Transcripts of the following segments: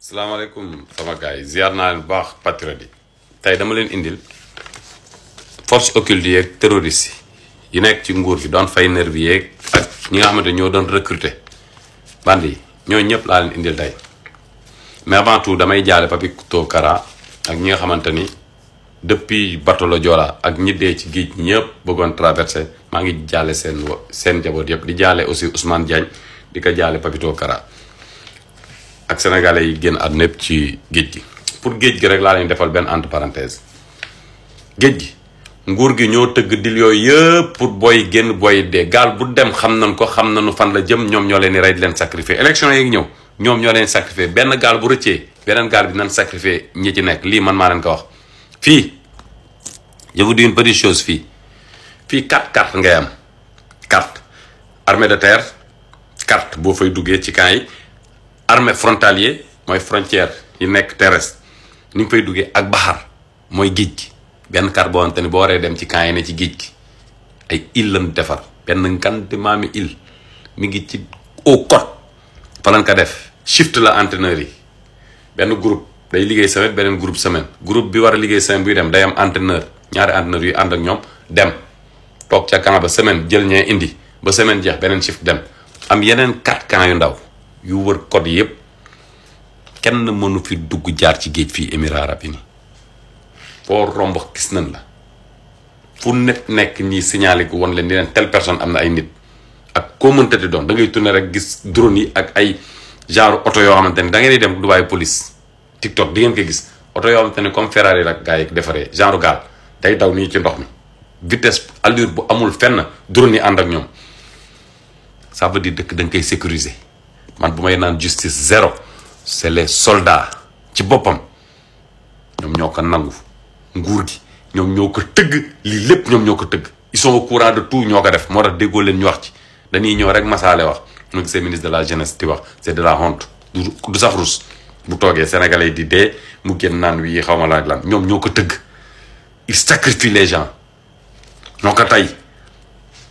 salaamaaleykum sama gars yi naa leen baax patriote yi tey dama leen indil force occulte yi ak yi nekk ci nguur yi doon fay nervi yeeg ak ñi nga xamante ñoo doon recruter band yi ñoo ñëpp laa leen indil tey mais avant tout damay jaale Papito Kara ak ñi nga xamante ni depuis batolo la Joola ak ñi ci géej ñëpp bëggoon traversé maa ngi jaale seen seen njaboot yëpp di jaale aussi Ousmane Diagne di ko jaale Papito Kara ak sénégalais yi génn at népp ci géej gi pour géej gi rek laa leen defal benn entre parenthèse géej gi nguur gi ñoo tëgg dil yëpp pour booy génn booy dee gaal bu dem xam nañ ko xam na nañu fan la jëm ñoom ñoo leen di rey di leen sacrifier élection yi ñëw ñoom ñoo leen sacrifier benn gaal bu rëccee beneen gaal bi nan sacrifier ñi ci nekk lii man maa leen ko wax fii je vous dis une fii fii carte carte ngay am carte armée de terre carte boo fay duggee ci camp yi armée frontalier moy frontière yi nek terrestre ni ngui fay duggé ak bahar moy géej ben carbone tane bo dem ci camp yi ne ci géej ay île lañ défar ben ngant mami île mi ngi ci au cot fa lañ def shift la entraîneur yi ben groupe day liggéey semaine benen groupe semaine groupe bi war a liggéey semaine dem day am entraîneur ñaari entraîneur yu and ak ñom dem tok ca camp ba semaine jël ñe indi ba semaine jeex benen shift dem am yenen 4 camp yu ndaw yu wër code yépp kenn mënu fi dugg jaar ci géej fii émirat arab yi ni foo romb gis nañ la fu net nekk ñi signalé ko won leen ni leen telle personne am na ay nit ak koo mënta di doon da ngay tourné rek gis drone yi ak ay genre auto yoo xamante da ngay dem Dubai police TikTok di ngeen ko gis auto yoo xamante ne comme Ferrari rek gars yi defaree genre gaal day daw nii ci ndox mi vitesse allure bu amul fenn drone yi ànd ak ñoom ça veut dire dëkk da nga sécuriser. man justice zéro c'est les soldats ci sont ñom ñoko nangu nguur gi au courant de ils sont au courant de tout ñoko def sont ra courant ñu wax ci rek de la jeunesse ti wax c'est de la honte du bu sénégalais di mu ils sacrifient les gens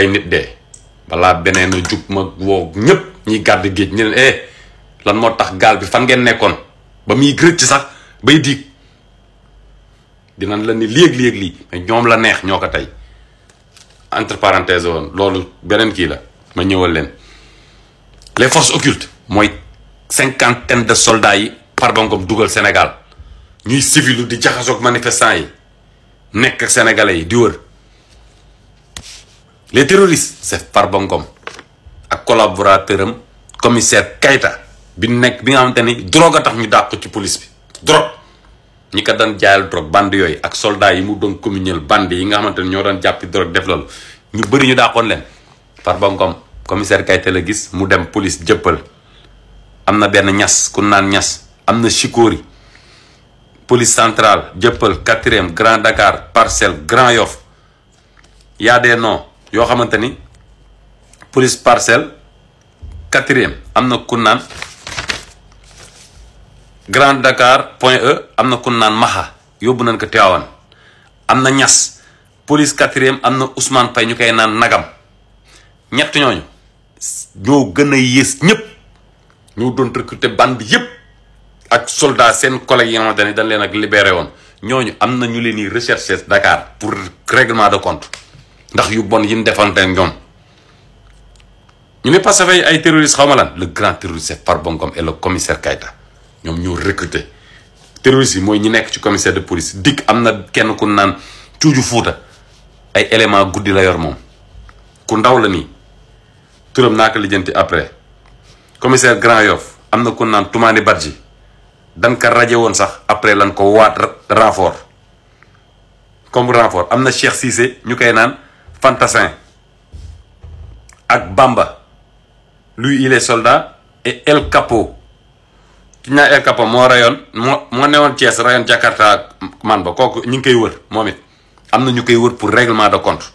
ay nit dee balaa beneen a jug ma woo ñépp ñi gàdd géej ñu ne eh lan moo tax gaal bi fan ngeen nekkoon ba muy ci sax bay diig dinañ la ni léeg-léeg lii mais ñoom la neex ñoo ko tey entre parenthèse woon loolu beneen kii la ma ñëwal leen les forces occultes mooy cinquante ten de soldats yi par parbangom dugal Sénégal ñuy civilu di jaxasoog manifestants yi nekk ak yi di wër les terroristes c'est Farba ak collaborateur am commissaire Kayta bi nekk bi nga xamante ni drogue a tax ñu dàq ci police bi drogue ñi ko daan jaayal drogue bande yooyu ak soldats yi mu doon communal bande yi nga xamante ni ñoo daan jàppi drogue def loolu ñu bëri ñu dàqoon leen Farba Ngom commissaire Kayta la gis mu dem police jëppal am na benn ñas ku naan ñas am na Chikori police centrale jëppal quatrième Grand Dakar parcelle Grand Yoff yaa des noms yoo xamante ni police parcelle quatrième am na ku naan Grand Dakar point E am na ku naan Maxa yóbbu nañ ko Tivaouane am na Ñas police quatrième am na Ousmane Pay ñu koy naan Nagam ñett ñooñu ñoo gën a yées ñëpp ñoo doon recruter bande yëpp ak soldat seen collègue yi nga xamante leen ak libéré woon ñooñu am na ñu leen di recherche Dakar pour règlement de compte ndax yu bon yi ñu defante ñoom ñu ne parce que ay terroriste xaw ma lan le grand terroriste c'est Farbon Ngom et le commissaire Kayta ñoom ñoo recruter terroriste yi mooy ñu nekk ci commissaire de police dikk am na kenn ku naan cuuju fuuta ay élément guddi la yor moom ku ndaw la nii turam naa ko lijjanti après commissaire Grand Yoff am na ku naan Toumani Badji dan ka raje woon sax après lan ko waat renfort comme renfort am na Cheikh Cissé ñu koy naan fantassin ak Bamba lui il est soldat et El Capo ki El Capo moo rayoon moo moo newoon Thiès rayoon Jakarta man ba kok ñu ngi koy wër moom it am na ñu koy wër pour règlement de compte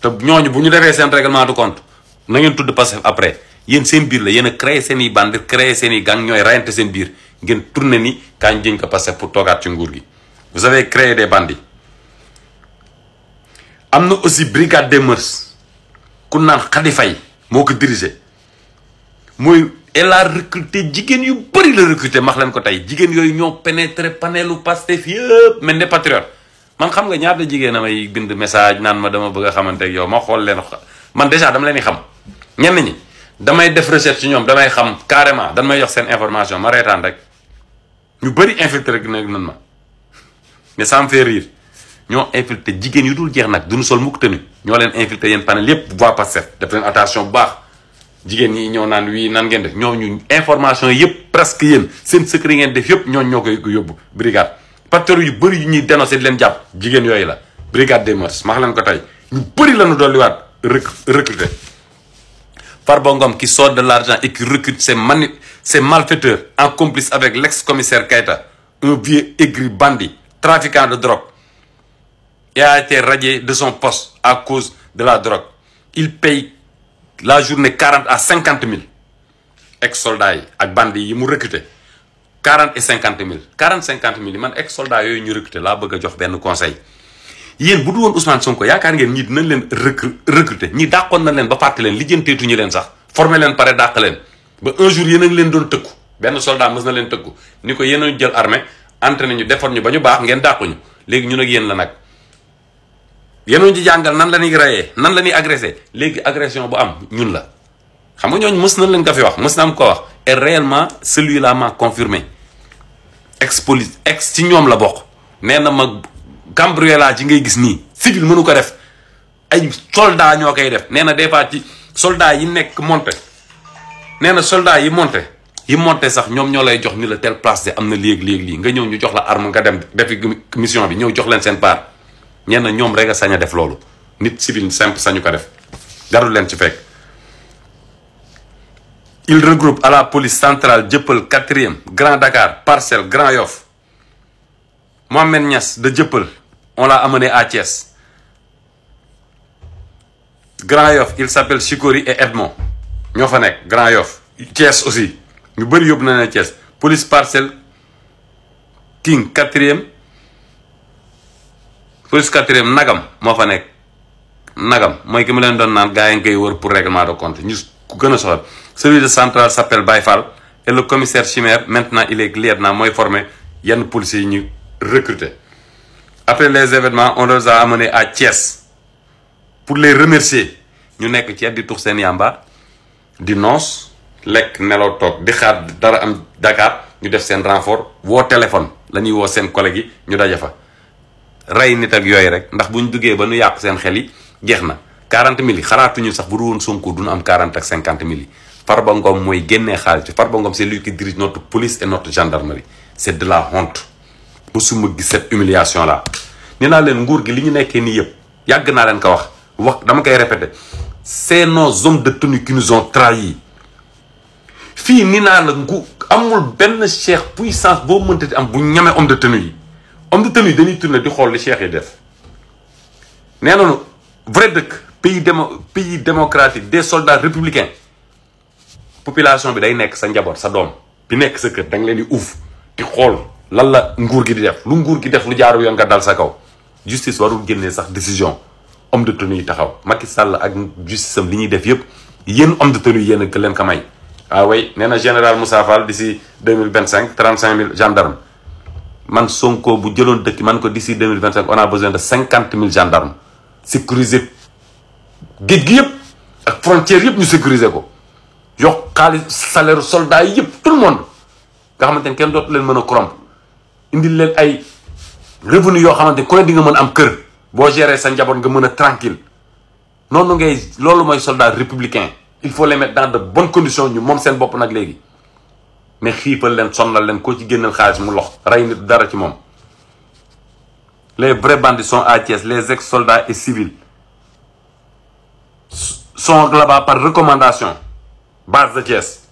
te ñooñu bu ñu defee seen règlement de compte na ngeen tudd Pastef après yéen seen biir la yéen a créé seen i bandir créé seen i gang ñooy rayante seen bir ngeen tourné ni kañ jëñ ko Pastef pour toogaat ci nguur gi vous avez créé des bandits amna aussi brigade des mœurs ku nan khalifay moko diriger moy dirigé mooy elle a recruté jigen yu bari la recruté max leen ko tay jigen yoy ñoo panelu Pastef yëpp mel ne patriote man xam nga ñaar da jigen amay bind message nan ma dama bëgg xamanté ak yow ma xol leen man déjà dama leen xam ñen ñi damay def recherche ci ñoom damay xam carrément dañ may jox sen information ma rétan rek ñu bari infiltré nak nan ma mais ça me fait rire ñoo infiltré jigéen yu dul jeex nag duñu sol mukk tamit ñoo leen infiltré yéen panel yépp voie Pastef def leen attention bu baax jigéen yi ñoo naan wii nan ngeen def ñoo ñu information yépp presque yéen seen secret ngeen def yépp ñooñu ñoo koy yóbbu brigade facteur yu bëri yu ñuy dénoncé di leen jàpp jigéen yooyu la brigade des mœurs max leen ko tey ñu bëri lañu dolliwaat recruter Farba qui sort de l'argent et qui recrute ses mani ses malfaiteurs en complice avec l'ex-commissaire Keïta un vieux aigri bandit trafiquant de drogue et a été radié de son poste à cause de la drogue. Il paye la journée 40 à 50 000 ex-soldats et bandits ils mu recruté. 40 et 50 000 40 50 000 man ex-soldats m'ont nous recruter là bëgg a jox un conseil un bu dul woon Ousmane Sonko Vous ngeen ñii dinañ leen recru recruter ñii dàqoon nañ leen Ils fàtte leen lijjanteetu ñu leen sax former leen pare dàq ba un jour ils a ngi Ils doon tëkku Un soldat mës na leen tëkku Nous, ko yéen a jël armée entraîné ñu defar ñu nous ñu baax ngeen dàquñu les ñun ak nous la nag. yenuñ ñu jangal nan lañuy rayé nan lañuy ñuy agressé léegi agression bu am ñun la xam nga ñooñu mës na leen ko fi wax mës na am ko wax et réellement celui là m'a confirmé ex police ex ci ñom la bok néna ma cambriolage yi ngay gis ni civil mënu ko def ay soldat ñoo koy def néna des fois ci soldat yi nekk monté néna soldat yi monté yi monté sax ñom ñoo lay jox ni la telle place de am na léeg-léeg lii nga ñew ñu jox la arme nga dem defi mission bi ñew jox leen sen part ñenn ñom rek a sañ def lolu nit civil simple sañu ko def garul len ci fek il regroupe à la police centrale 4e, Grand Dakar parcel Grand Yoff Mohamed Niass de Dieuppeul on l'a amené à Thiès Grand Yoff il s'appelle Chikori et Edmond ñoo fa nekk Grand Yoff Thiès aussi ñu bari yóbbu na Thiès police parcel King 4e, police quatrième nagam mo fa nek nagam moy ki mu len don nan gaay yi ngi koy wër pour règlement de compte ñu ku gën a soxal celui de central s'appelle Baye et le commissaire Chimère maintenant il est na moy formé yenn police yi ñu recruter. après les événements on les a amenés à Thiès pour les remercier ñu nek ci di tux seen yàmba di noos lek melo tok di xaar dara am Dakar ñu def sen renfort wo téléphone la wo sen collègue yi ñu dajafa fa ray nit ak yoy rek ndax buñ duggé ba ñu yàq seen xel yi jeex na 40 mille xalaatuñu sax bu won Sonko duñu am 40 ak 50 mille yi Farba Ngom mooy génnee xaalis bi Farba Ngom c'est lui qui dirige notre police et notre gendarmerie c'est de la honte musuma gis cette humiliation là nee naa leen nguur gi li ñu nekké ni yëpp yag na len ko wax wax dama kay répéter c'est nos hommes de tenue qui nous ont trahis fi ni na la ngu amul ben cheikh puissance bo mënta am bu ñame homme de tenue homme de tenue dañuy tourné di xool li cheikh yi def nee nañu vrai dëkk pays démo pays démocratique des soldats républicains population bi day nekk sa njaboot sa doom bi nekk sa kër da leen di uuf di xool lan la nguur gi di def lu nguur gi def lu jaaru yoon nga dal sa kaw justice warul génnee sax décision homme de tenue yi taxaw Macky sàll ak justice am li ñuy def yëpp yéen homme de tenue yéen a leen ko may. ah way nee na général Moussa Fall d'ici deux mille vingt cinq trente cinq mille gendarmes. man Sonko bu jëloon dëkk man ko d'ici deux mille vingt cinq on a besoin de cinquante mille gendarmes sécuriser géej gi yëpp ak frontière yëpp ñu sécuriser ko yokk xaalis salaire soldats yi yëpp tout le monde nga xamante ne kenn dootu leen mën a corrompre indil leen ay revenu yoo xamante ne ku di nga mën am kër boo geree sa njaboot nga mën a tranquille noonu ngay loolu mooy soldat républicain il faut les mettre dans de bonnes conditions ñu moom seen bopp nag léegi ne xiifal leen sonnal leen koo ci génneel xaalis mu lox rey nit dara ci moom les vrais bandits sont à Thiès les ex soldats et civils sont là-bas par recommandation base de Thiès